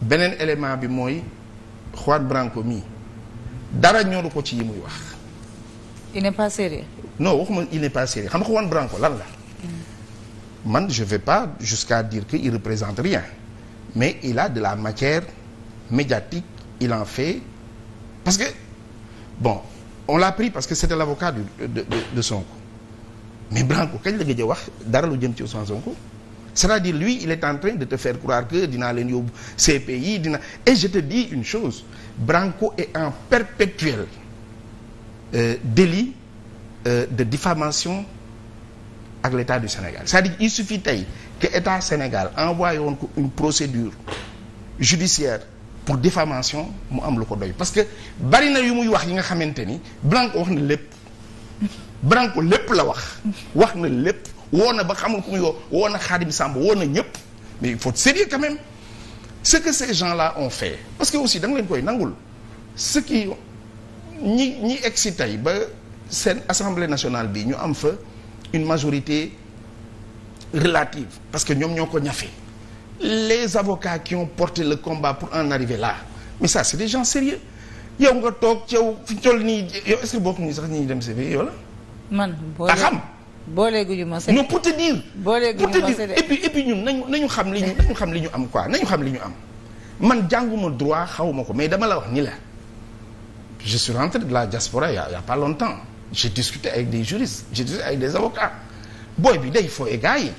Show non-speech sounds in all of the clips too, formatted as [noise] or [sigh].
beneen élément bi mooy Juan Branco mii dara ñoru ko ci yi muy wax. il n'est pas no wax waxuma il n'est pas sérieux xam nga Juan Branco lan la. Mm. man je vais pas jusqu'à dire que il représente rien mais il a de la matière médiatique il en fait parce que bon on l'a pris parce que c'était l'avocat du de de de Sonko mais Branco kañ la gëj a wax dara lu jëm ci Ousmane Sonko. c'est-à-dire lui il est en train de te faire croire que dinaa leen yóbbu CPI dina et je te dis une chose Branco est en perpétuel euh, délit euh, de diffamation ak l'État du Sénégal c'est-à-dire il suffit tey que État Sénégal envoyé woon ko une procédure judiciaire pour diffamation mu am lu ko doy parce que bari na yu muy wax yi nga xamante ni Branco wax na lépp Branco lépp la wax wax na lépp woo na ba xam nga ku muy woo woo na Xaadim Samb woo na ñëpp mais il faut sérieux quand même ce que ces gens-là ont fait parce que aussi da leen koy nangul ce qui ñi ñi egsi tey ba seen assemblée nationale bi ñu am fa une majorité relative parce que ñoom ñoo ko ñafe les avocats qui ont porté le combat pour en arriver là mais ça c'est des gens sérieux yow nga toog yow fi ñu toll nii yow est-ce que bokk nañu sax ñi dem si yow la. man boo xam. booleeguñu ma non pour te dire. booleeguñu ma pour te dire et puis ñun nañu nañu xam li ñu nañu xam li ñu am quoi nañu xam li ñu am man jànguma droit xawuma ko mais dama la wax ni la je suis rentré de la diaspora il y a, il y a pas longtemps j'ai discuté avec des juristes j'ai discuté avec des avocats booy bi day fooye gars yi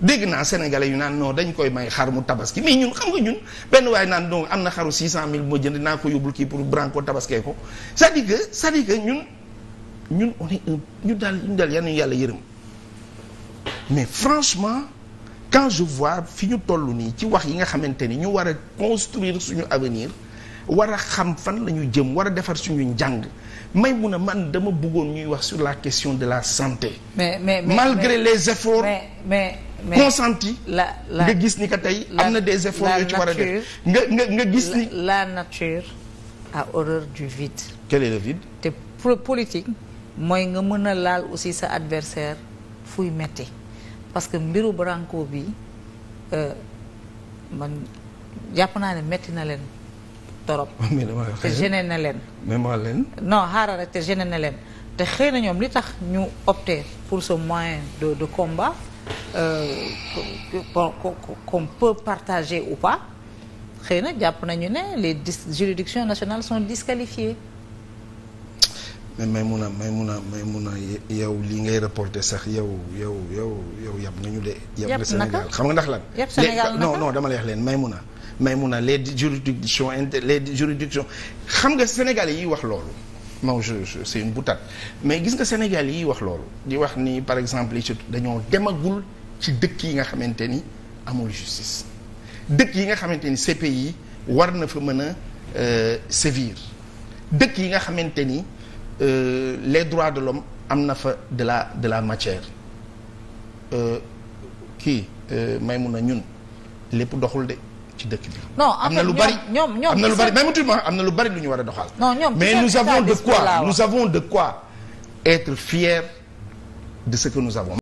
dégg naa sénégalais yu naan non dañ koy may xar mu tabaski mais ñun xam nga ñun benn waaye naan donc am na xaru 600000 moo jënd naa ko yóbbul kii pour branco tabaskee ko c'est-à-dire que ñun on est ñu daal ñu daal yàlla ñu yàlla yërëm mais franchement quand je vois fi ñu toll nii ci wax yi nga xamante ni ñu war a construire suñu avenir war a xam fan la ñu jëm war a defar suñu njàng may mun a man dama buggoon ñuy wax sur la question de la santé. mais mais mais malgré les efforts. mais mais mais consentis. la la nga gis ni que tey am na des efforts yoo ci war a def nga nga nga gis ni. la nature a horreur du vide. quel est vide. te politique. mooy nga mën a laal aussi sa adversaire fuy metti parce que mbiru Branco bi euh, man jàpp naa ne metti na leen torop [laughs] te gêné na leen non xaaral rek te gêné na leen te xëy na ñoom li tax ñu opté pour ce moyen de de combat euh, qu'on peut partager ou pas xëy na jàpp nañu ne les juridictions nationales sont disqualifiées may mun a a Maimouna mun Maimouna yow li ngay reporté sax yow yow yow yow yab nañu de. yab na Sénégal xam nga ndax lan. yab Sénégal non non dama lay wax leen Maimouna. Maimouna les juridictions inter les juridictions xam nga Sénégal yi wax loolu. non je je c'est une boutade mais gis nga Sénégal yi wax loolu di wax ni par exemple surtout dañoo demagul ci dëkk yi nga xamante ni amul justice dëkk yi nga xamante ni yi war na fa mën a euh, sévir dëkk yi nga xamante ni. euh, les droits de l'homme am na fa de la de la matière euh, kii euh, may mun a ñun lépp doxul de ci dëkk bi. non en fait am na lu bari ñoom ñoom am na lu bari même tuuti am na lu bari lu ñu war a doxal. non ñoom mais nous avons de quoi nous avons de quoi être fiers de ce que nous avons.